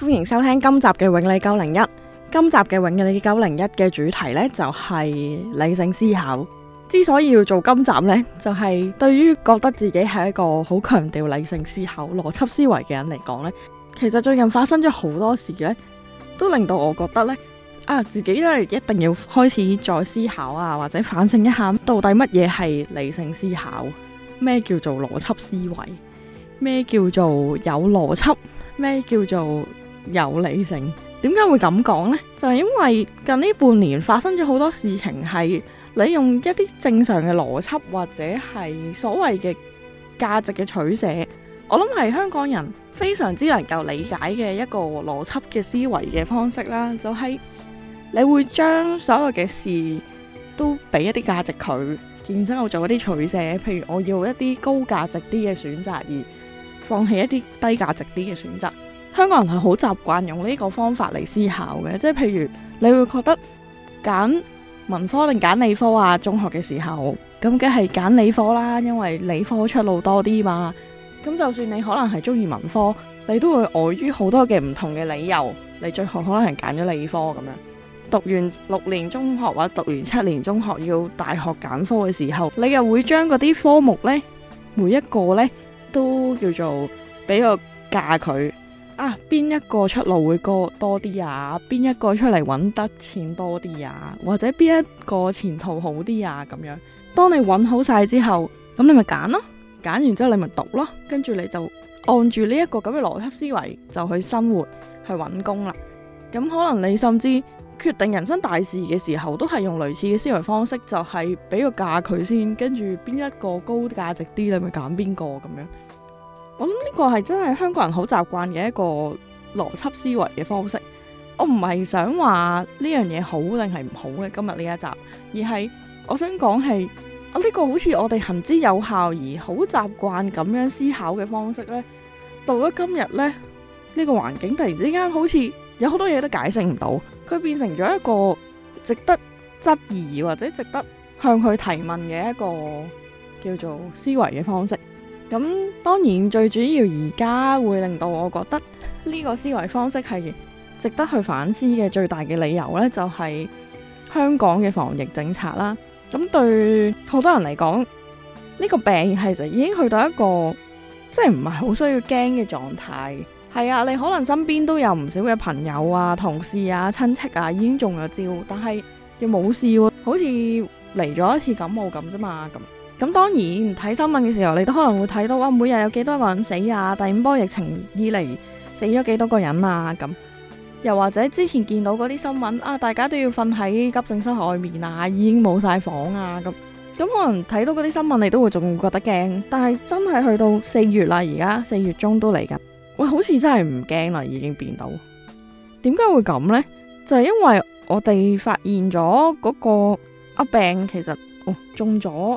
歡迎收聽今集嘅永利九零一。今集嘅永利九零一嘅主題呢，就係、是、理性思考。之所以要做今集呢，就係、是、對於覺得自己係一個好強調理性思考、邏輯思維嘅人嚟講呢，其實最近發生咗好多事呢都令到我覺得、啊、呢，啊自己咧一定要開始再思考啊，或者反省一下到底乜嘢係理性思考，咩叫做邏輯思維，咩叫做有邏輯，咩叫做。有理性，點解會咁講咧？就係因為近呢半年發生咗好多事情，係你用一啲正常嘅邏輯或者係所謂嘅價值嘅取捨。我諗，係香港人非常之能夠理解嘅一個邏輯嘅思維嘅方式啦。就係你會將所有嘅事都俾一啲價值佢，然之後做一啲取捨，譬如我要一啲高價值啲嘅選擇，而放棄一啲低價值啲嘅選擇。香港人係好習慣用呢個方法嚟思考嘅，即係譬如你會覺得揀文科定揀理科啊？中學嘅時候咁梗係揀理科啦，因為理科出路多啲嘛。咁就算你可能係中意文科，你都會礙於好多嘅唔同嘅理由。你最後可能係揀咗理科咁樣。讀完六年中學或者讀完七年中學要大學揀科嘅時候，你又會將嗰啲科目呢，每一個呢，都叫做俾個價佢。啊，邊一個出路會多啲啊？邊一個出嚟揾得錢多啲啊？或者邊一個前途好啲啊？咁樣，當你揾好晒之後，咁你咪揀咯，揀完之後你咪讀咯，跟住你就按住呢一個咁嘅邏輯思維就去生活，去揾工啦。咁可能你甚至決定人生大事嘅時候，都係用類似嘅思維方式，就係、是、俾個價佢先，跟住邊一個高價值啲，你咪揀邊個咁樣。我諗呢個係真係香港人好習慣嘅一個邏輯思維嘅方式。我唔係想話呢樣嘢好定係唔好嘅，今日呢一集，而係我想講係啊，呢個好似我哋行之有效而好習慣咁樣思考嘅方式呢，到咗今日咧，呢個環境突然之間好似有好多嘢都解釋唔到，佢變成咗一個值得質疑或者值得向佢提問嘅一個叫做思維嘅方式。咁當然最主要而家會令到我覺得呢個思維方式係值得去反思嘅最大嘅理由呢，就係香港嘅防疫政策啦。咁對好多人嚟講，呢個病其實已經去到一個即係唔係好需要驚嘅狀態。係啊，你可能身邊都有唔少嘅朋友啊、同事啊、親戚啊已經中咗招，但係又冇事喎，好似嚟咗一次感冒咁啫嘛咁。咁當然睇新聞嘅時候，你都可能會睇到啊，每日有幾多個人死啊？第五波疫情以嚟死咗幾多個人啊？咁又或者之前見到嗰啲新聞啊，大家都要瞓喺急症室外面啊，已經冇晒房啊咁。咁可能睇到嗰啲新聞，你都會仲覺得驚。但係真係去到四月啦，而家四月中都嚟緊，喂，好似真係唔驚啦，已經變到點解會咁呢？就係、是、因為我哋發現咗嗰個啊病其實、哦、中咗。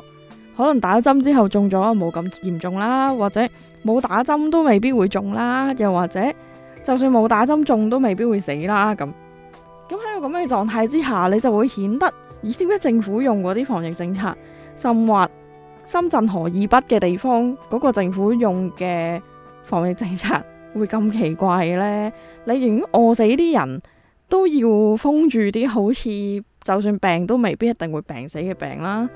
可能打針之後中咗冇咁嚴重啦，或者冇打針都未必會中啦，又或者就算冇打針中都未必會死啦咁。咁喺個咁嘅狀態之下，你就會顯得咦，點解政府用嗰啲防疫政策甚或深圳河以北嘅地方嗰個政府用嘅防疫政策會咁奇怪嘅呢？你寧願餓死啲人都要封住啲好似就算病都未必一定會病死嘅病啦。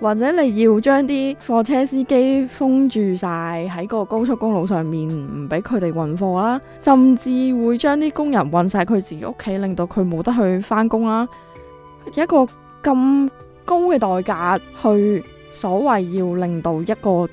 或者你要將啲貨車司機封住晒喺個高速公路上面，唔俾佢哋運貨啦，甚至會將啲工人運晒佢自己屋企，令到佢冇得去返工啦。一個咁高嘅代價去，所謂要令到一個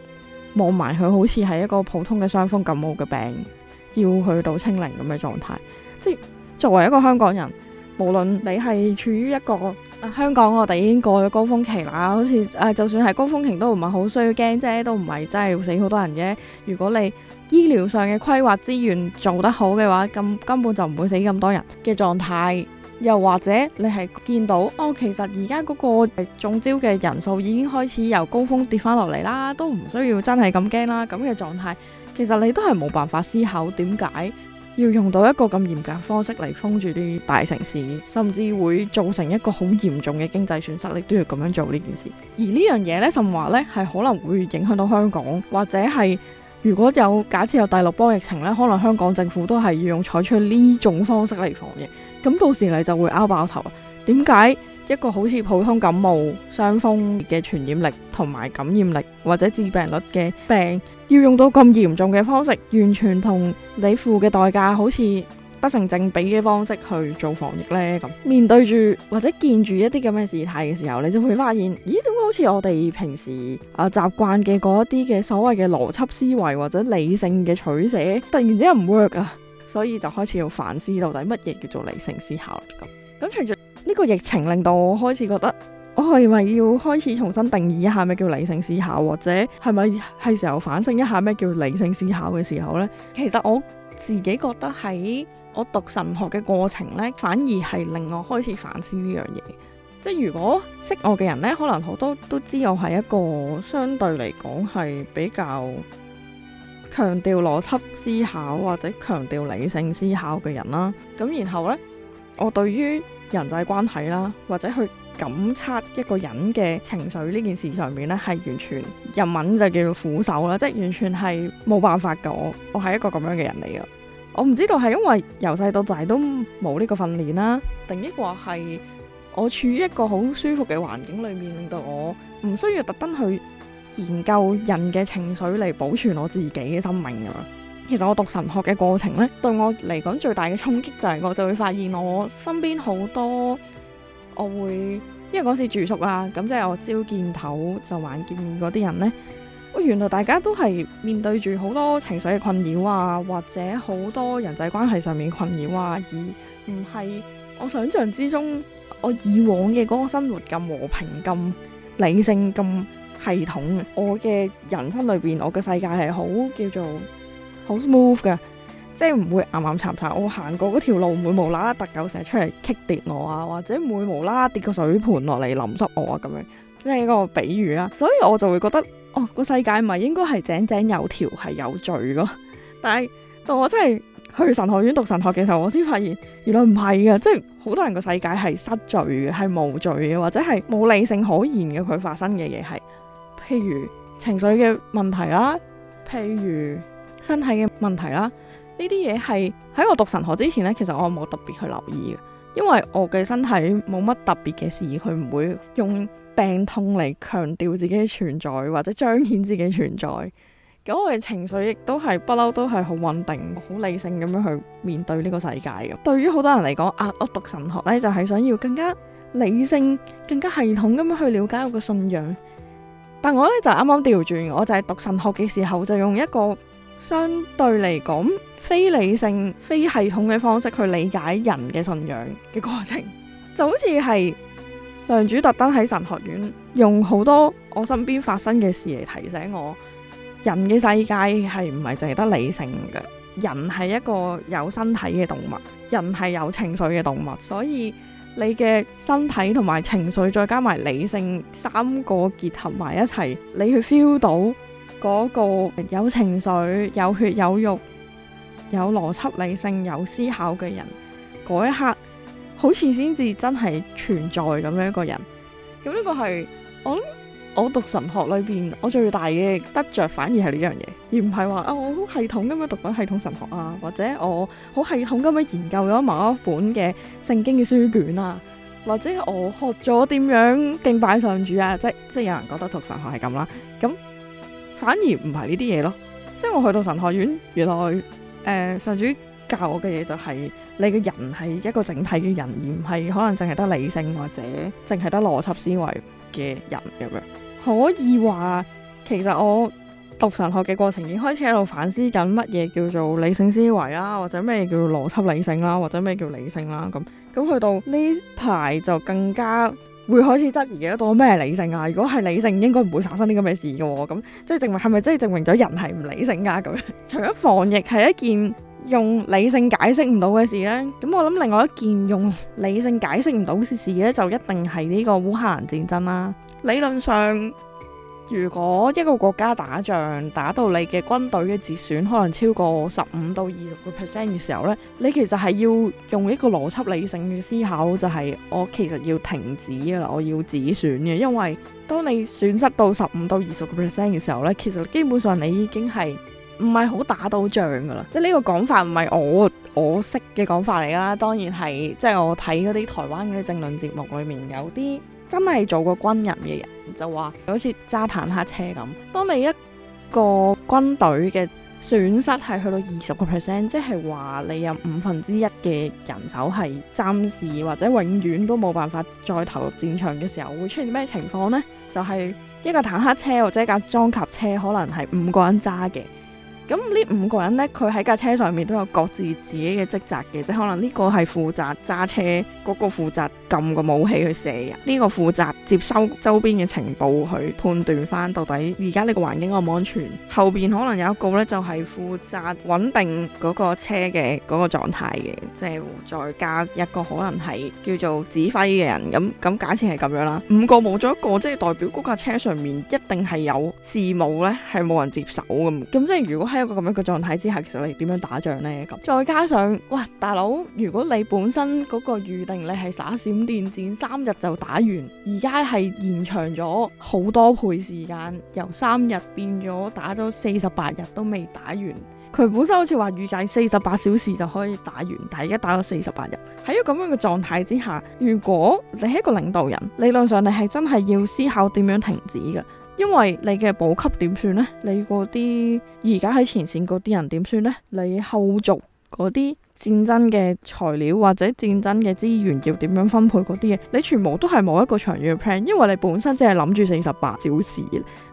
望埋佢好似係一個普通嘅傷風感冒嘅病，要去到清零咁嘅狀態。即係作為一個香港人，無論你係處於一個。香港我哋已經過咗高峰期啦，好似誒、呃、就算係高峰期都唔係好需要驚啫，都唔係真係死好多人嘅。如果你醫療上嘅規劃資源做得好嘅話，咁根本就唔會死咁多人嘅狀態。又或者你係見到哦，其實而家嗰個中招嘅人數已經開始由高峰跌翻落嚟啦，都唔需要真係咁驚啦。咁嘅狀態其實你都係冇辦法思考點解。要用到一個咁嚴格方式嚟封住啲大城市，甚至會造成一個好嚴重嘅經濟損失，你都要咁樣做呢件事。而呢樣嘢咧，甚至話咧係可能會影響到香港，或者係如果有假設有第六波疫情咧，可能香港政府都係要用採取呢種方式嚟防疫，咁到時你就會拗爆頭啊！點解？一個好似普通感冒、傷風嘅傳染力同埋感染力或者致病率嘅病，要用到咁嚴重嘅方式，完全同你付嘅代價好似不成正比嘅方式去做防疫呢咁。面對住或者見住一啲咁嘅事態嘅時候，你就會發現，咦，點解好似我哋平時啊習慣嘅嗰一啲嘅所謂嘅邏輯思維或者理性嘅取捨，突然之間唔 work 啊，所以就開始要反思到底乜嘢叫做理性思考嚟咁。咁隨住。呢個疫情令到我開始覺得，我係咪要開始重新定義一下咩叫理性思考，或者係咪係時候反省一下咩叫理性思考嘅時候呢？其實我自己覺得喺我讀神學嘅過程呢，反而係令我開始反思呢樣嘢。即係如果識我嘅人呢，可能好多都，都知我係一個相對嚟講係比較強調邏輯思考或者強調理性思考嘅人啦。咁然後呢，我對於人際關係啦，或者去感測一個人嘅情緒呢件事上面呢，係完全日文就叫做苦手啦，即係完全係冇辦法噶。我我係一個咁樣嘅人嚟噶，我唔知道係因為由細到大都冇呢個訓練啦，定抑或係我處於一個好舒服嘅環境裏面，令到我唔需要特登去研究人嘅情緒嚟保存我自己嘅生命噶。其實我讀神學嘅過程咧，對我嚟講最大嘅衝擊就係我就會發現我身邊好多，我會因為嗰時住宿啊，咁即係我朝見頭就晚見面嗰啲人咧，我原來大家都係面對住好多情緒嘅困擾啊，或者好多人際關係上面困擾啊，而唔係我想象之中我以往嘅嗰個生活咁和平、咁理性、咁系統嘅。我嘅人生裏邊，我嘅世界係好叫做。好 smooth 嘅，即係唔會岩岩巉巉。我行過嗰條路唔會無啦啦突狗成日出嚟棘跌我啊，或者唔會無啦啦跌個水盆落嚟淋濕我啊，咁樣即係一個比喻啦。所以我就會覺得，哦個世界唔係應該係井井有條，係有序咯。但係到我真係去神學院讀神學嘅時候，我先發現原來唔係嘅，即係好多人個世界係失序嘅，係無序嘅，或者係冇理性可言嘅，佢發生嘅嘢係，譬如情緒嘅問題啦，譬如。身體嘅問題啦，呢啲嘢係喺我讀神學之前呢，其實我冇特別去留意嘅，因為我嘅身體冇乜特別嘅事，佢唔會用病痛嚟強調自己嘅存在或者彰顯自己存在。咁我嘅情緒亦都係不嬲，都係好穩定、好理性咁樣去面對呢個世界。咁對於好多人嚟講啊，我讀神學呢，就係想要更加理性、更加系統咁樣去了解我嘅信仰。但我呢，就啱啱調轉，我就係讀神學嘅時候就用一個。相對嚟講，非理性、非系統嘅方式去理解人嘅信仰嘅過程，就好似係上主特登喺神學院用好多我身邊發生嘅事嚟提醒我，人嘅世界係唔係淨係得理性嘅，人係一個有身體嘅動物，人係有情緒嘅動物，所以你嘅身體同埋情緒再加埋理性三個結合埋一齊，你去 feel 到。嗰個有情緒、有血有肉、有邏輯理性、有思考嘅人，嗰一刻好似先至真係存在咁樣一個人。咁呢個係我諗我讀神學裏邊我最大嘅得着，反而係呢樣嘢，而唔係話啊，我好系統咁樣讀緊系統神學啊，或者我好系統咁樣研究咗某一本嘅聖經嘅書卷啊，或者我學咗點樣敬拜上主啊，即即有人覺得讀神學係咁啦，咁。反而唔係呢啲嘢咯，即係我去到神學院，原來誒、呃、上主教我嘅嘢就係、是、你嘅人係一個整體嘅人，而唔係可能淨係得理性或者淨係得邏輯思維嘅人咁樣。可以話其實我讀神學嘅過程已經開始喺度反思緊乜嘢叫做理性思維啦，或者咩叫邏輯理性啦，或者咩叫理性啦咁。咁去到呢排就更加。會開始質疑嘅多咩，係理性啊？如果係理性，應該唔會發生啲咁嘅事噶喎，啊。咁即係證明係咪真係證明咗人係唔理性啊？咁樣，除咗防疫係一件用理性解釋唔到嘅事咧，咁我諗另外一件用理性解釋唔到嘅事咧，就一定係呢個烏克蘭戰爭啦。理論上。如果一個國家打仗打到你嘅軍隊嘅自損，可能超過十五到二十個 percent 嘅時候呢，你其實係要用一個邏輯理性嘅思考，就係我其實要停止㗎啦，我要止損嘅，因為當你損失到十五到二十個 percent 嘅時候呢，其實基本上你已經係唔係好打到仗噶啦。即係呢個講法唔係我我識嘅講法嚟㗎啦，當然係即係我睇嗰啲台灣嗰啲政論節目裡面有啲。真係做過軍人嘅人就話，好似揸坦克車咁。當你一個軍隊嘅損失係去到二十個 percent，即係話你有五分之一嘅人手係暫時或者永遠都冇辦法再投入戰場嘅時候，會出現咩情況呢？就係、是、一個坦克車或者一架裝甲車可能係五個人揸嘅。咁呢五個人呢，佢喺架車上面都有各自自己嘅職責嘅，即係可能呢個係負責揸車，嗰個負責撳個武器去射人，呢個負責接收周邊嘅情報去判斷翻到底而家呢個環境安唔安全，後邊可能有一個呢，就係負責穩定嗰個車嘅嗰個狀態嘅，即係再加一個可能係叫做指揮嘅人。咁咁假設係咁樣啦，五個冇咗一個，即係代表嗰架車上面一定係有事務呢係冇人接手咁。咁即係如果喺一個咁樣嘅狀態之下，其實你點樣打仗呢？咁再加上，哇，大佬，如果你本身嗰個預定你係耍閃電戰，三日就打完，而家係延長咗好多倍時間，由三日變咗打咗四十八日都未打完。佢本身好似話預計四十八小時就可以打完，但而家打咗四十八日。喺一個咁樣嘅狀態之下，如果你係一個領導人，理論上你係真係要思考點樣停止㗎。因為你嘅補給點算呢？你嗰啲而家喺前線嗰啲人點算呢？你後續，嗰啲戰爭嘅材料或者戰爭嘅資源要點樣分配嗰啲嘢，你全部都係冇一個長遠嘅 plan，因為你本身只係諗住四十八小時，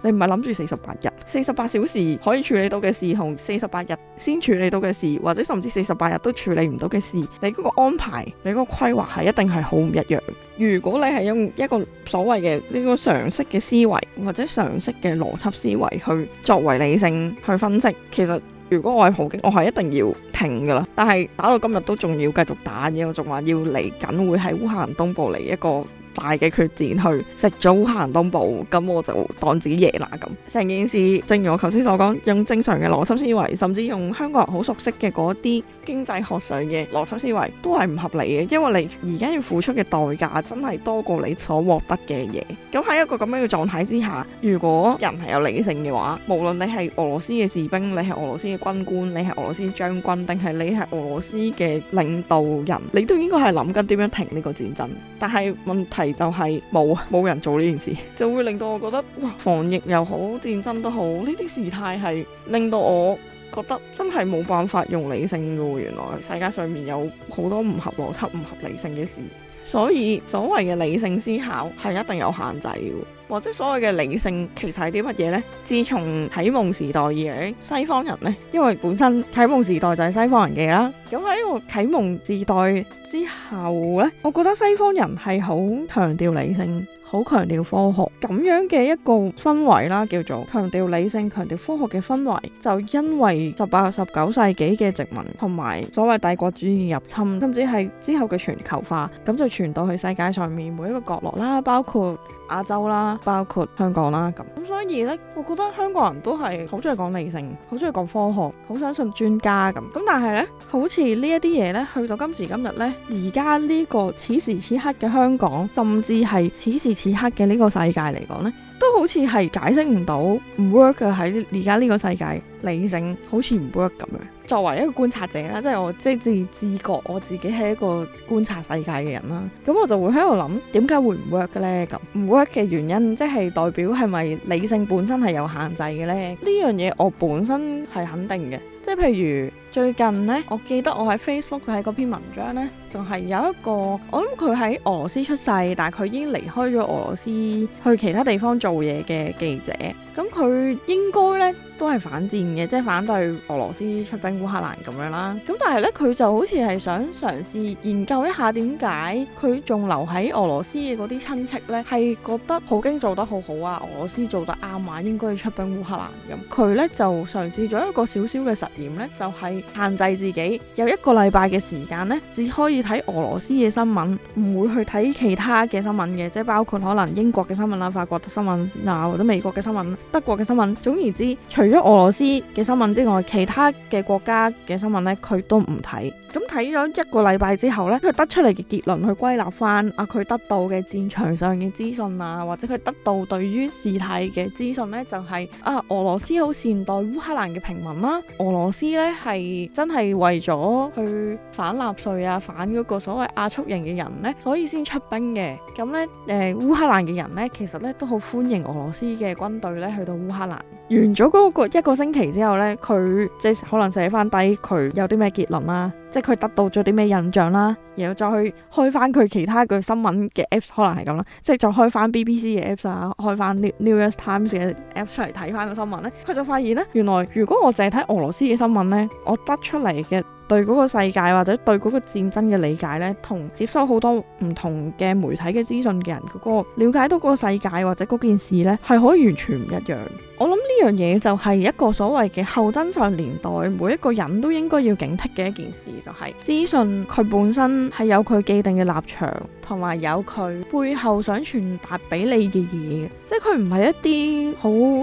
你唔係諗住四十八日。四十八小時可以處理到嘅事，同四十八日先處理到嘅事，或者甚至四十八日都處理唔到嘅事，你嗰個安排，你嗰個規劃係一定係好唔一樣。如果你係用一個所謂嘅呢個常識嘅思維或者常識嘅邏輯思維去作為理性去分析，其實。如果我係普京，我係一定要停噶啦。但係打到今日都仲要繼續打嘅，我仲話要嚟緊會喺烏克蘭東部嚟一個大嘅決戰去食早行東步。咁我就當自己贏啦咁。成件事正如我頭先所講，用正常嘅邏輯思維，甚至用香港人好熟悉嘅嗰啲經濟學上嘅邏輯思維，都係唔合理嘅。因為你而家要付出嘅代價真係多過你所獲得嘅嘢。咁喺一個咁樣嘅狀態之下，如果人係有理性嘅話，無論你係俄羅斯嘅士兵，你係俄羅斯嘅軍官，你係俄羅斯將軍，定係你係俄羅斯嘅領導人，你都應該係諗緊點樣停呢個戰爭。但係問題。就係冇冇人做呢件事， 就會令到我覺得哇，防疫又好，戰爭都好，呢啲事態係令到我覺得真係冇辦法用理性嘅喎。原來世界上面有好多唔合邏輯、唔合理性嘅事。所以所謂嘅理性思考係一定有限制嘅，或者所謂嘅理性其實係啲乜嘢呢？自從啟蒙時代以嚟，西方人呢，因為本身啟蒙時代就係西方人嘅啦。咁喺呢個啟蒙時代之後呢，我覺得西方人係好強調理性。好強調科學咁樣嘅一個氛圍啦，叫做強調理性、強調科學嘅氛圍，就因為十八、十九世紀嘅殖民同埋所謂帝國主義入侵，甚至係之後嘅全球化，咁就傳到去世界上面每一個角落啦，包括亞洲啦，包括香港啦咁。咁所以咧，我覺得香港人都係好中意講理性，好中意講科學，好相信專家咁。咁但係咧，好似呢一啲嘢咧，去到今時今日咧，而家呢個此時此刻嘅香港，甚至係此時此刻嘅呢個世界嚟講咧。都好似係解釋唔到，唔 work 嘅喺而家呢個世界，理性好似唔 work 咁樣。作為一個觀察者啦，即係我即係自自覺我自己係一個觀察世界嘅人啦，咁我就會喺度諗，點解會唔 work 嘅咧？咁唔 work 嘅原因，即係代表係咪理性本身係有限制嘅咧？呢樣嘢我本身係肯定嘅，即係譬如。最近呢，我記得我喺 Facebook 睇嗰篇文章呢，就係有一個我諗佢喺俄羅斯出世，但係佢已經離開咗俄羅斯去其他地方做嘢嘅記者。咁佢應該呢都係反戰嘅，即係反對俄羅斯出兵烏克蘭咁樣啦。咁但係呢，佢就好似係想嘗試研究一下點解佢仲留喺俄羅斯嘅嗰啲親戚呢，係覺得普京做得好好啊，俄羅斯做得啱啊，應該要出兵烏克蘭咁。佢呢就嘗試咗一個小小嘅實驗呢，就係。限制自己有一個禮拜嘅時間呢，只可以睇俄羅斯嘅新聞，唔會去睇其他嘅新聞嘅，即係包括可能英國嘅新聞啦、法國嘅新聞啊或者美國嘅新聞、德國嘅新聞。總而言之，除咗俄羅斯嘅新聞之外，其他嘅國家嘅新聞呢，佢都唔睇。咁睇咗一個禮拜之後呢，佢得出嚟嘅結論去歸納返啊，佢得到嘅戰場上嘅資訊啊，或者佢得到對於事態嘅資訊呢，就係、是、啊，俄羅斯好善待烏克蘭嘅平民啦、啊，俄羅斯呢係。真係為咗去反納粹、啊，反嗰個所謂壓縮型嘅人咧，所以先出兵嘅。咁呢，誒、呃、烏克蘭嘅人呢，其實呢都好歡迎俄羅斯嘅軍隊咧去到烏克蘭。完咗嗰個一個星期之後呢，佢即係可能寫翻低佢有啲咩結論啦、啊。即係佢得到咗啲咩印象啦，然後再去開翻佢其他嘅新聞嘅 apps，可能係咁啦，即係再開翻 BBC 嘅 apps 啊，開翻 New New York Times 嘅 apps 出嚟睇翻個新聞咧，佢就發現咧，原來如果我淨係睇俄羅斯嘅新聞咧，我得出嚟嘅對嗰個世界或者對嗰個戰爭嘅理解呢，同接收好多唔同嘅媒體嘅資訊嘅人嗰個瞭解到嗰個世界或者嗰件事呢，係可以完全唔一樣。我諗呢樣嘢就係一個所謂嘅後真相年代，每一個人都應該要警惕嘅一件事，就係資訊佢本身係有佢既定嘅立場，同埋有佢背後想傳達俾你嘅嘢，即係佢唔係一啲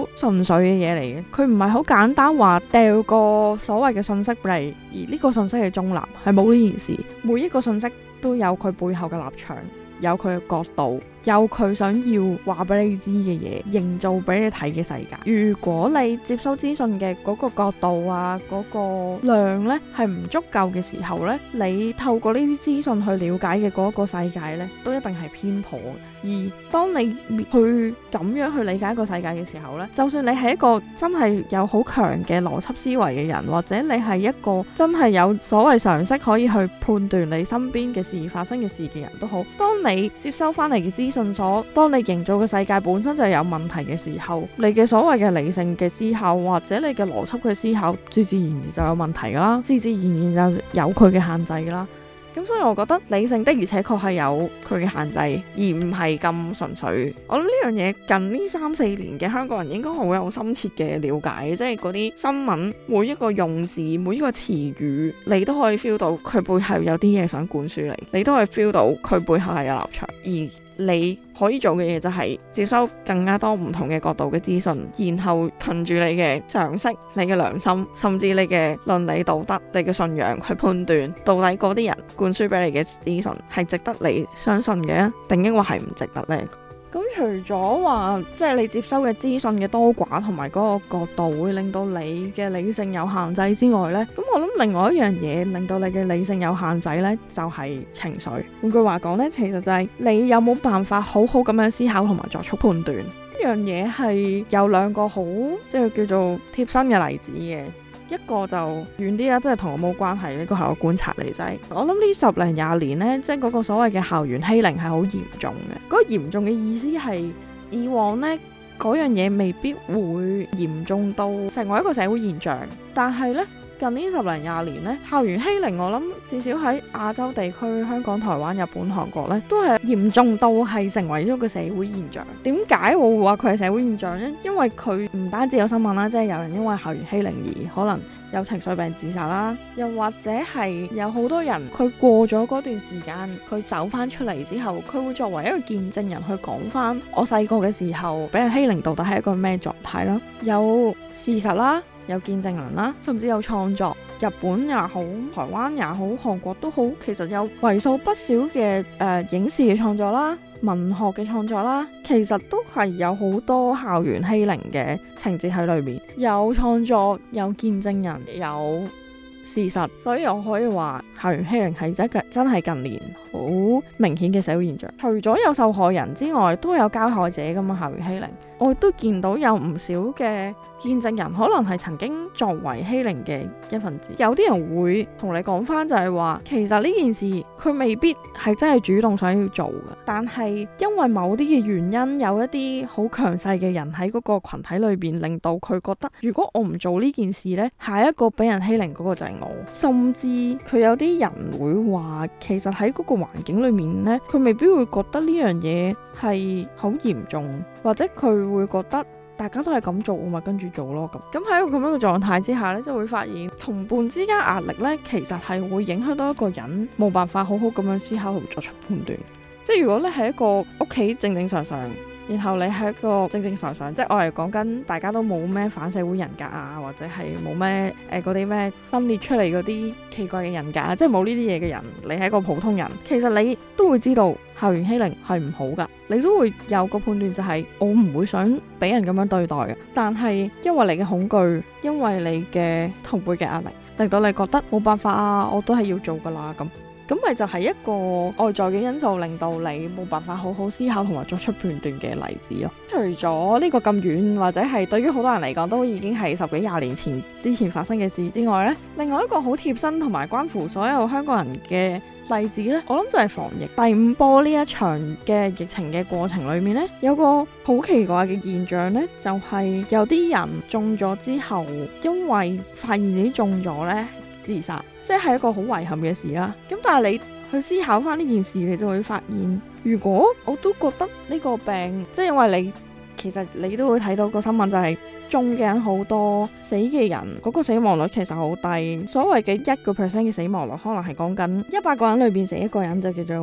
好純粹嘅嘢嚟嘅，佢唔係好簡單話掉個所謂嘅信息嚟而呢個。信息嘅中立，係冇呢件事。每一個信息都有佢背後嘅立場。有佢嘅角度，有佢想要話俾你知嘅嘢，營造俾你睇嘅世界。如果你接收資訊嘅嗰個角度啊，嗰個量咧係唔足夠嘅時候咧，你透過呢啲資訊去了解嘅嗰個世界咧，都一定係偏頗嘅。而當你去咁樣去理解一個世界嘅時候咧，就算你係一個真係有好強嘅邏輯思維嘅人，或者你係一個真係有所謂常識可以去判斷你身邊嘅事發生嘅事嘅人都好，當你你接收翻嚟嘅資訊所幫你營造嘅世界本身就有問題嘅時候，你嘅所謂嘅理性嘅思考或者你嘅邏輯嘅思考，自自然然就有問題㗎啦，自自然然就有佢嘅限制㗎啦。咁所以我覺得理性的，而且確係有佢嘅限制，而唔係咁純粹。我諗呢樣嘢近呢三四年嘅香港人應該好有深切嘅了解，即係嗰啲新聞每一個用字、每一個詞語，你都可以 feel 到佢背後有啲嘢想灌輸你，你都可以 feel 到佢背後係有立場嘅。你可以做嘅嘢就係、是、接收更加多唔同嘅角度嘅資訊，然後憑住你嘅常識、你嘅良心，甚至你嘅倫理道德、你嘅信仰去判斷，到底嗰啲人灌輸俾你嘅資訊係值得你相信嘅，定抑或係唔值得呢？咁除咗話，即係你接收嘅資訊嘅多寡同埋嗰個角度，會令到你嘅理性有限制之外呢，咁我諗另外一樣嘢，令到你嘅理性有限制呢，就係情緒。換句話講呢，其實就係你有冇辦法好好咁樣思考同埋作出判斷？呢樣嘢係有兩個好，即係叫做貼身嘅例子嘅。一個就遠啲啊，真係同我冇關係，呢個係我觀察嚟仔。我諗呢十零廿年呢，即係嗰個所謂嘅校園欺凌係好嚴重嘅。嗰個嚴重嘅意思係以往呢，嗰樣嘢未必會嚴重到成為一個社會現象，但係呢。近呢十零廿年呢，校園欺凌我諗至少喺亞洲地區、香港、台灣、日本、韓國呢，都係嚴重到係成為咗個社會現象。點解我會話佢係社會現象呢？因為佢唔單止有新聞啦，即係有人因為校園欺凌而可能有情緒病自殺啦，又或者係有好多人佢過咗嗰段時間，佢走翻出嚟之後，佢會作為一個見證人去講翻我細個嘅時候俾人欺凌到底係一個咩狀態啦，有事實啦，有見證人啦，甚至有創作，日本也好，台灣也好，韓國都好，其實有為數不少嘅誒、呃、影視嘅創作啦，文學嘅創作啦，其實都係有好多校園欺凌嘅情節喺裏面，有創作，有見證人，有事實，所以我可以話校園欺凌係一個真係近年好明顯嘅社會現象。除咗有受害人之外，都有加害者㗎嘛？校園欺凌，我亦都見到有唔少嘅。見證人可能係曾經作為欺凌嘅一份子，有啲人會同你講返就係話，其實呢件事佢未必係真係主動想要做嘅，但係因為某啲嘅原因，有一啲好強勢嘅人喺嗰個羣體裏邊，令到佢覺得，如果我唔做呢件事呢，下一個俾人欺凌嗰個就係我。甚至佢有啲人會話，其實喺嗰個環境裏面呢，佢未必會覺得呢樣嘢係好嚴重，或者佢會覺得。大家都係咁做，我咪跟住做咯。咁，咁喺一個咁樣嘅狀態之下呢，即係會發現同伴之間壓力呢，其實係會影響到一個人冇辦法好好咁樣思考同作出判斷。即係如果呢係一個屋企正正常常。然後你係一個正正常常，即係我係講緊大家都冇咩反社會人格啊，或者係冇咩誒嗰啲咩分裂出嚟嗰啲奇怪嘅人格，即係冇呢啲嘢嘅人，你係一個普通人，其實你都會知道校園欺凌係唔好噶，你都會有個判斷就係我唔會想俾人咁樣對待嘅，但係因為你嘅恐懼，因為你嘅同輩嘅壓力，令到你覺得冇辦法啊，我都係要做噶啦咁。咁咪就係一個外在嘅因素，令到你冇辦法好好思考同埋作出判斷嘅例子咯。除咗呢個咁遠，或者係對於好多人嚟講都已經係十幾廿年前之前發生嘅事之外咧，另外一個好貼身同埋關乎所有香港人嘅例子咧，我諗就係防疫第五波呢一場嘅疫情嘅過程裡面咧，有個好奇怪嘅現象咧，就係有啲人中咗之後，因為發現自己中咗咧，自殺。即係一個好遺憾嘅事啦。咁但係你去思考返呢件事，你就會發現，如果我都覺得呢個病，即係因為你其實你都會睇到個新聞，就是，就係中嘅人好多，死嘅人嗰個死亡率其實好低。所謂嘅一個 percent 嘅死亡率，可能係講緊一百個人裏邊死一個人就叫做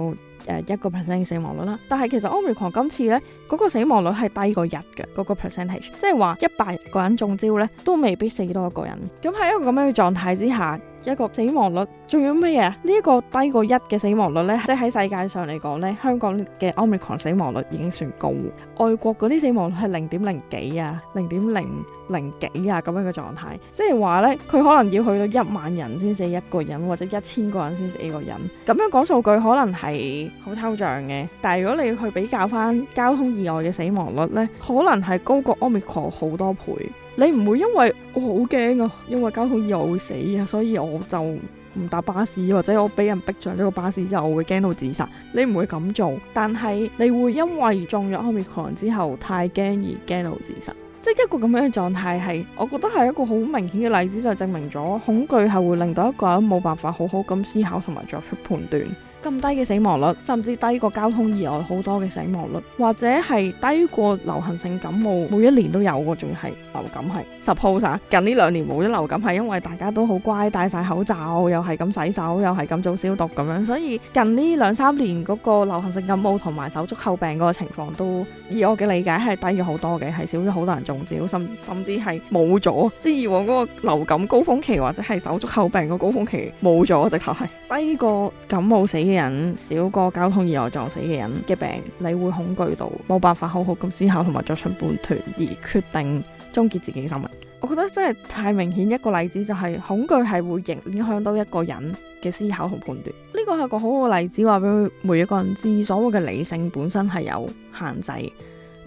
誒一個 percent 嘅死亡率啦。但係其實 Omicron 今次呢，嗰、那個死亡率係低過日嘅嗰、那個 percentage，即係話一百個人中招呢，都未必死多一個人。咁喺一個咁樣嘅狀態之下。一個死亡率，仲有咩嘢？呢、這、一個低過一嘅死亡率呢，即係喺世界上嚟講呢，香港嘅 Omicron 死亡率已經算高。外國嗰啲死亡率係零點零幾啊，零點零零幾啊咁樣嘅狀態，即係話呢，佢可能要去到一萬人先死一個人，或者一千個人先死一個人。咁樣講數據可能係好抽象嘅，但係如果你去比較翻交通意外嘅死亡率呢，可能係高過 Omicron 好多倍。你唔會因為我好驚啊，因為交通意外會死啊，所以我就唔搭巴士，或者我俾人逼上咗個巴士之後，我會驚到自殺。你唔會咁做，但係你會因為中咗 Omicron 之後太驚而驚到自殺。即係一個咁樣嘅狀態係我覺得係一個好明顯嘅例子，就證明咗恐懼係會令到一個人冇辦法好好咁思考同埋作出判斷。咁低嘅死亡率，甚至低過交通意外好多嘅死亡率，或者係低過流行性感冒每一年都有嘅，仲要係流感係。Suppose 啊，近呢兩年冇咗流感係因為大家都好乖，戴晒口罩，又係咁洗手，又係咁做消毒咁樣，所以近呢兩三年嗰個流行性感冒同埋手足口病嗰個情況都，以我嘅理解係低咗好多嘅，係少咗好多人中招，甚甚至係冇咗，即係以往嗰個流感高峰期或者係手足口病個高峰期冇咗，直頭係低過感冒死嘅人少過交通意外撞死嘅人嘅病，你會恐懼到冇辦法好好咁思考同埋作出判斷，而決定終結自己嘅生命。我覺得真係太明顯一個例子就係恐懼係會影響到一個人嘅思考同判斷。呢個係個好好嘅例子，話俾每一個人知。所謂嘅理性本身係有限制，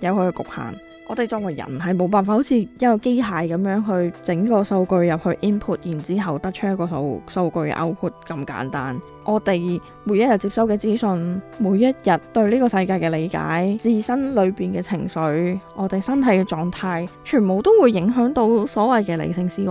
有佢嘅局限。我哋作為人係冇辦法好似一個機械咁樣去整個數據入去 input，然之後得出一個數數據 output 咁簡單。我哋每一日接收嘅資訊，每一日對呢個世界嘅理解，自身裏邊嘅情緒，我哋身體嘅狀態，全部都會影響到所謂嘅理性思維。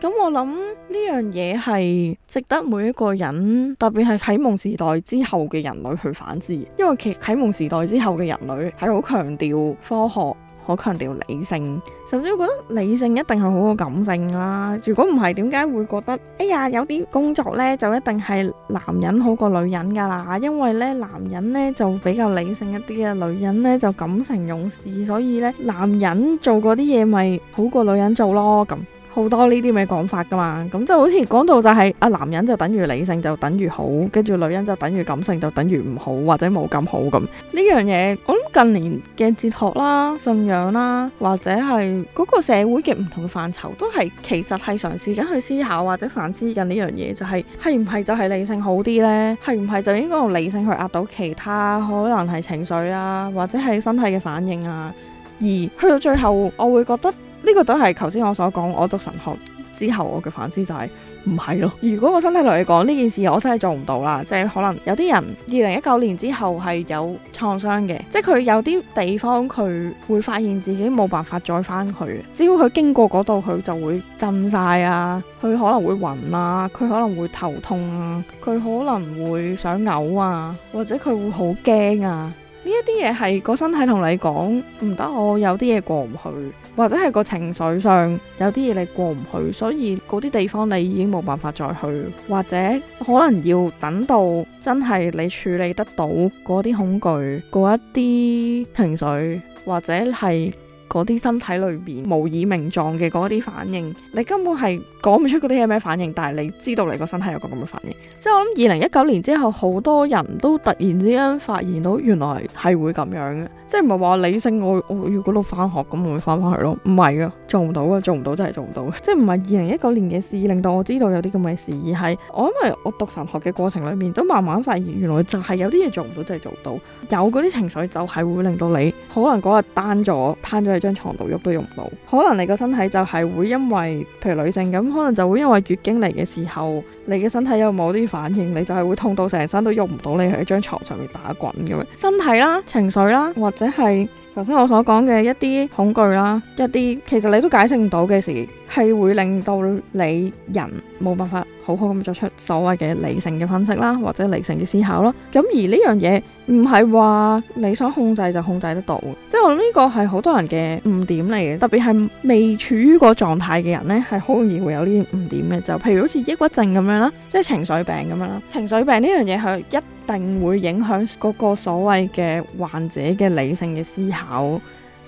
咁我諗呢樣嘢係值得每一個人，特別係啟蒙時代之後嘅人類去反思，因為其實啟蒙時代之後嘅人類係好強調科學。好強調理性，甚至我覺得理性一定係好過感性啦。如果唔係，點解會覺得哎呀有啲工作呢就一定係男人好過女人㗎啦？因為呢，男人呢就比較理性一啲嘅，女人呢就感情用事，所以呢，男人做嗰啲嘢咪好過女人做咯咁。好多呢啲咩嘅講法噶嘛，咁就好似講到就係啊，男人就等於理性就等於好，跟住女人就等於感性就等於唔好或者冇咁好咁。呢樣嘢我諗近年嘅哲學啦、信仰啦，或者係嗰個社會嘅唔同嘅範疇，都係其實係嘗試緊去思考或者反思緊呢樣嘢，就係係唔係就係理性好啲呢？係唔係就應該用理性去壓到其他可能係情緒啊，或者係身體嘅反應啊？而去到最後，我會覺得。呢個都係頭先我所講，我讀神學之後我嘅反思就係唔係咯。如果個身體來講，呢件事我真係做唔到啦。即係可能有啲人二零一九年之後係有創傷嘅，即係佢有啲地方佢會發現自己冇辦法再翻去。只要佢經過嗰度，佢就會震晒啊，佢可能會暈啊，佢可能會頭痛啊，佢可能會想嘔啊，或者佢會好驚啊。呢一啲嘢係個身體同你講唔得，我有啲嘢過唔去，或者係個情緒上有啲嘢你過唔去，所以嗰啲地方你已經冇辦法再去，或者可能要等到真係你處理得到嗰啲恐懼、嗰一啲情緒，或者係。嗰啲身體裏邊無以名狀嘅嗰啲反應，你根本係講唔出嗰啲係咩反應，但係你知道你個身體有個咁嘅反應。即係我諗二零一九年之後，好多人都突然之間發現到原來係會咁樣嘅，即係唔係話理性，我我要嗰度翻學，咁我會翻返去咯，唔係啊，做唔到啊，做唔到，真係做唔到，即係唔係二零一九年嘅事令到我知道有啲咁嘅事，而係我因為我讀神學嘅過程裏面都慢慢發現，原來就係有啲嘢做唔到，真係做唔到，有嗰啲情緒就係會令到你可能嗰日 down 咗，攤咗。張床度喐都喐唔到，可能你個身體就係會因為，譬如女性咁，可能就會因為月經嚟嘅時候，你嘅身體有冇啲反應，你就係會痛到成身都喐唔到，你喺張床上面打滾咁樣，身體啦、情緒啦，或者係頭先我所講嘅一啲恐懼啦、一啲其實你都解釋唔到嘅事。係會令到你人冇辦法好好咁作出所謂嘅理性嘅分析啦，或者理性嘅思考咯。咁而呢樣嘢唔係話你想控制就控制得到，即係我諗呢個係好多人嘅誤點嚟嘅，特別係未處於個狀態嘅人呢，係好容易會有呢啲誤點嘅。就譬如好似抑鬱症咁樣啦，即係情緒病咁樣啦。情緒病呢樣嘢係一定會影響嗰個所謂嘅患者嘅理性嘅思考。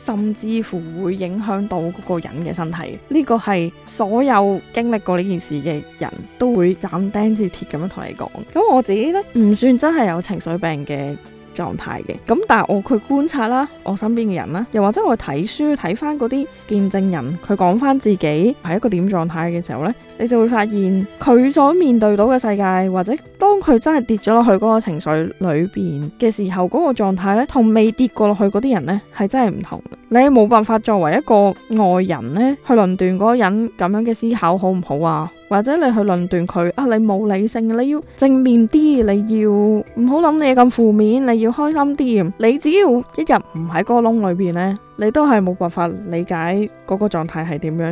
甚至乎會影響到嗰個人嘅身體，呢、這個係所有經歷過呢件事嘅人都會斬釘截鐵咁樣同你講。咁我自己呢，唔算真係有情緒病嘅。狀態嘅，咁但係我去觀察啦，我身邊嘅人啦，又或者我睇書睇翻嗰啲見證人，佢講翻自己係一個點狀態嘅時候咧，你就會發現佢所面對到嘅世界，或者當佢真係跌咗落去嗰個情緒裏邊嘅時候，嗰個狀態咧，同未跌過落去嗰啲人咧，係真係唔同嘅。你冇辦法作為一個外人呢，去論斷嗰個人咁樣嘅思考好唔好啊？或者你去論斷佢啊，你冇理性，你要正面啲，你要唔好諗你咁負面，你要開心啲。你只要一日唔喺嗰個窿裏邊呢，你都係冇辦法理解嗰個狀態係點樣，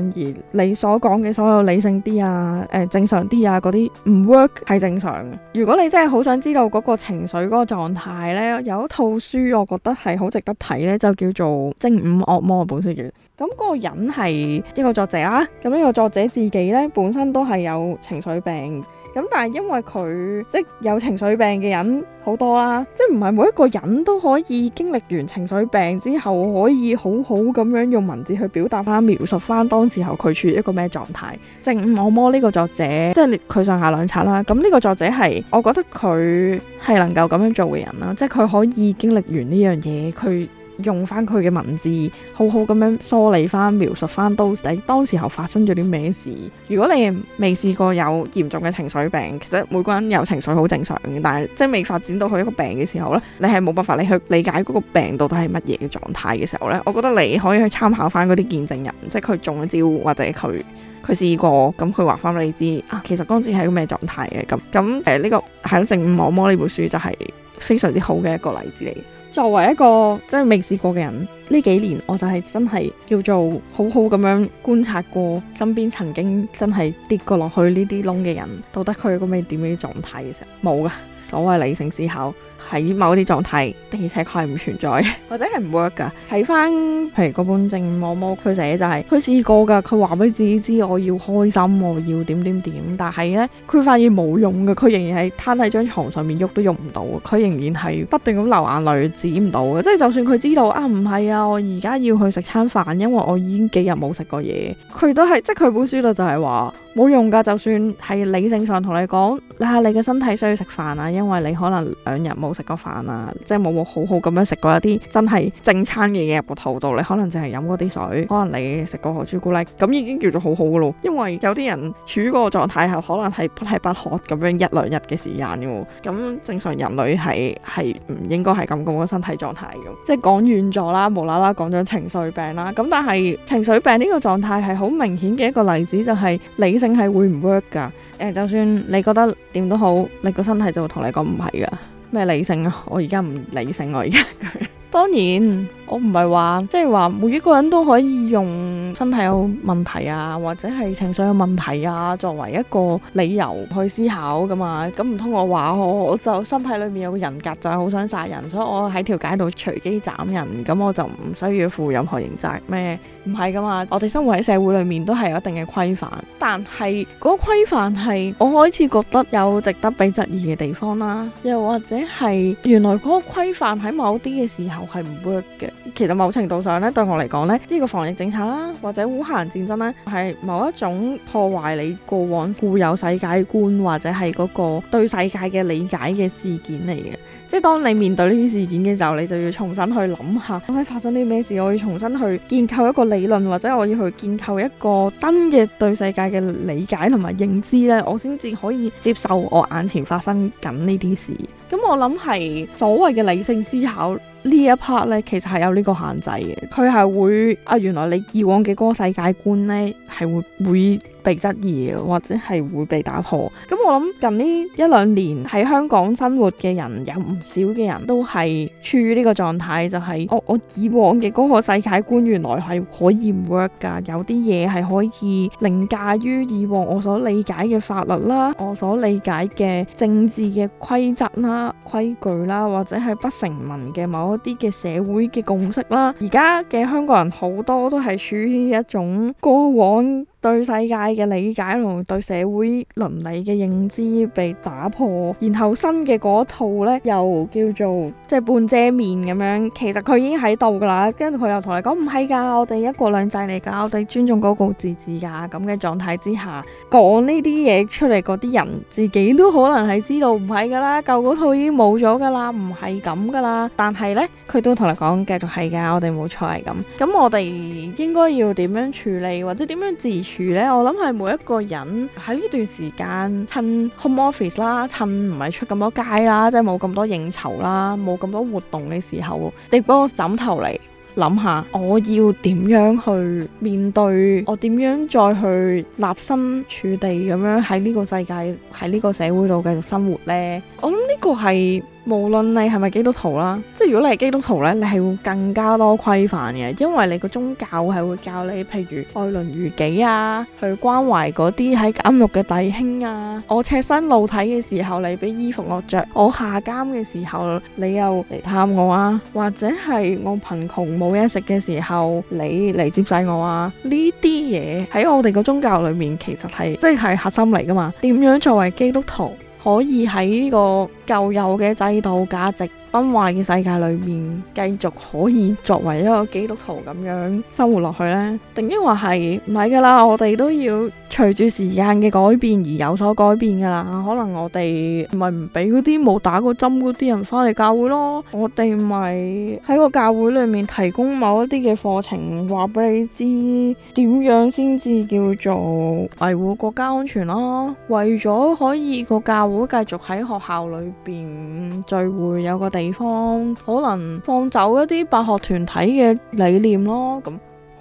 而你所講嘅所有理性啲啊，誒、呃、正常啲啊嗰啲，唔 work 係正常嘅。如果你真係好想知道嗰個情緒嗰個狀態呢，有一套書我覺得係好值得睇，呢就叫做《正午惡魔》本書叫。咁嗰個人係一個作者啦、啊，咁呢個作者自己呢，本身都係有情緒病。咁但係因為佢即有情緒病嘅人好多啦，即係唔係每一個人都可以經歷完情緒病之後可以好好咁樣用文字去表達返、描述返當時候佢處於一個咩狀態。正我摸呢個作者，即係佢上下兩冊啦。咁呢個作者係我覺得佢係能夠咁樣做嘅人啦，即係佢可以經歷完呢樣嘢，用翻佢嘅文字，好好咁樣梳理翻、描述翻到底當時候發生咗啲咩事。如果你未試過有嚴重嘅情緒病，其實每個人有情緒好正常嘅，但係即係未發展到佢一個病嘅時候咧，你係冇辦法你去理解嗰個病到底係乜嘢嘅狀態嘅時候呢，我覺得你可以去參考翻嗰啲見證人，即係佢中咗招或者佢佢試過，咁佢話翻畀你知啊，其實嗰陣時係一個咩狀態嘅咁咁誒，呢個係咯《正午惡魔》呢本書就係非常之好嘅一個例子嚟。作為一個真係未試過嘅人，呢幾年我就係真係叫做好好咁樣觀察過身邊曾經真係跌過落去呢啲窿嘅人，到底佢咁樣點樣嘅狀態嘅時候，冇㗎所謂理性思考。喺某啲狀態，而且佢係唔存在，或者係唔 work 㗎。睇翻譬如嗰本《正摸摸》，佢寫就係、是，佢試過㗎。佢話俾自己知，我要開心，我要點點點。但係呢，佢發現冇用㗎。佢仍然係攤喺張床上面喐都喐唔到，佢仍然係不斷咁流眼淚，止唔到嘅。即、就、係、是、就算佢知道啊，唔係啊，我而家要去食餐飯，因為我已經幾日冇食過嘢。佢都係，即係佢本書度就係話。冇用㗎，就算係理性上同你講，啊，你嘅身體需要食飯啊，因為你可能兩日冇食過飯啊，即係冇冇好好咁樣食過一啲真係正餐嘅嘢入個肚度，你可能淨係飲嗰啲水，可能你食過個朱古力，咁已經叫做好好㗎咯。因為有啲人處於個狀態下，可能係不吃不喝咁樣一兩日嘅時間㗎喎。咁正常人類係係唔應該係咁咁嘅身體狀態㗎。即係講遠咗啦，無啦啦講咗情緒病啦。咁但係情緒病呢個狀態係好明顯嘅一個例子，就係你。性係會唔 work 噶，誒，就算你覺得點都好，你個身體就會同你講唔係噶，咩理性啊，我而家唔理性我而家。 當然，我唔係話即係話每一個人都可以用身體有問題啊，或者係情緒有問題啊，作為一個理由去思考噶嘛。咁唔通我話我我就身體裏面有個人格就係好想殺人，所以我喺條街度隨機斬人，咁我就唔需要負任何刑責咩？唔係噶嘛。我哋生活喺社會裏面都係有一定嘅規範，但係嗰個規範係我開始覺得有值得被質疑嘅地方啦。又或者係原來嗰個規範喺某啲嘅時候。我係唔 work 嘅。其實某程度上咧，對我嚟講咧，呢、呢個防疫政策啦，或者烏克蘭戰爭咧，係某一種破壞你過往固有世界觀，或者係嗰個對世界嘅理解嘅事件嚟嘅。即係當你面對呢啲事件嘅時候，你就要重新去諗下，究竟發生啲咩事？我要重新去建構一個理論，或者我要去建構一個真嘅對世界嘅理解同埋認知咧，我先至可以接受我眼前發生緊呢啲事。咁我諗係所謂嘅理性思考。一呢一 part 咧，其實係有呢個限制嘅，佢係會啊，原來你以往嘅嗰個世界觀咧，係會。會。被質疑或者係會被打破。咁我諗近呢一兩年喺香港生活嘅人，有唔少嘅人都係處於呢個狀態，就係、是、我我以往嘅嗰個世界觀原來係可以唔 work 㗎，有啲嘢係可以凌駕於以往我所理解嘅法律啦、我所理解嘅政治嘅規則啦、規矩啦，或者係不成文嘅某一啲嘅社會嘅共識啦。而家嘅香港人好多都係處於一種過往。對世界嘅理解同對社會倫理嘅認知被打破，然後新嘅嗰套呢又叫做即係半遮面咁樣，其實佢已經喺度噶啦。跟住佢又同你講，唔係噶，我哋一國兩制嚟噶，我哋尊重嗰個自治噶。咁嘅狀態之下，講呢啲嘢出嚟嗰啲人自己都可能係知道唔係噶啦，舊嗰套已經冇咗噶啦，唔係咁噶啦。但係呢，佢都同你講繼續係噶，我哋冇錯係咁。咁我哋應該要點樣處理或者點樣自？咧，我諗係每一個人喺呢段時間，趁 home office 啦，趁唔係出咁多街啦，即係冇咁多應酬啦，冇咁多活動嘅時候，你攞個枕頭嚟諗下，想想我要點樣去面對，我點樣再去立身處地咁樣喺呢個世界，喺呢個社會度繼續生活呢？我諗呢個係。無論你係咪基督徒啦，即係如果你係基督徒呢，你係會更加多規範嘅，因為你個宗教係會教你，譬如愛鄰如己啊，去關懷嗰啲喺監獄嘅弟兄啊。我赤身露體嘅時候，你俾衣服我著；我下監嘅時候，你又嚟探我啊。或者係我貧窮冇嘢食嘅時候，你嚟接濟我啊。呢啲嘢喺我哋個宗教裏面，其實係即係核心嚟㗎嘛。點樣作為基督徒？可以喺呢個舊有嘅制度價值。崩壞嘅世界裏邊，繼續可以作為一個基督徒咁樣生活落去咧？定抑或係唔係噶啦？我哋都要隨住時間嘅改變而有所改變噶啦。可能我哋唔係唔俾啲冇打過針啲人翻嚟教會咯。我哋咪喺個教會裏面提供某一啲嘅課程，話俾你知點樣先至叫做維護國家安全咯。為咗可以個教會繼續喺學校裏邊聚會，有個地方可能放走一啲白學團體嘅理念咯，咁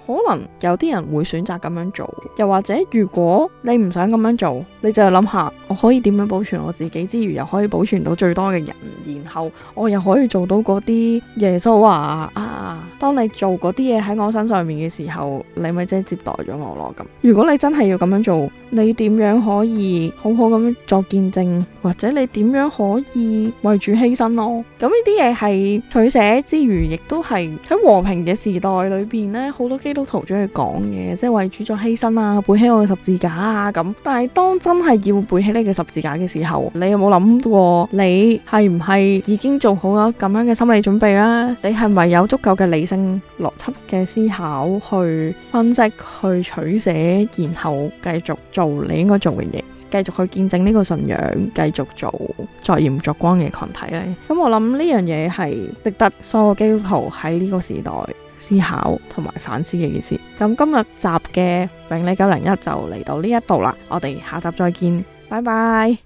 可能有啲人會選擇咁樣做，又或者如果你唔想咁樣做，你就諗下我可以點樣保存我自己之餘，又可以保存到最多嘅人，然後我又可以做到嗰啲耶穌話。啊當你做嗰啲嘢，喺我身上面嘅時候，你咪真係接待咗我咯咁。如果你真係要咁樣做，你點樣可以好好咁樣作見證，或者你點樣可以為主犧牲咯？咁呢啲嘢係取捨之餘，亦都係喺和平嘅時代裏邊呢，好多基督徒中意講嘅，即係為主作犧牲啊，背起我嘅十字架啊咁。但係當真係要背起你嘅十字架嘅時候，你有冇諗過你係唔係已經做好咗咁樣嘅心理準備啦？你係咪有足夠？嘅理性邏輯嘅思考去分析，去取捨，然後繼續做你應該做嘅嘢，繼續去見證呢個信仰，繼續做作鹽作光嘅群體咧。咁我諗呢樣嘢係值得所有基督徒喺呢個時代思考同埋反思嘅件事。咁今日集嘅永禮九零一就嚟到呢一度啦，我哋下集再見，拜拜。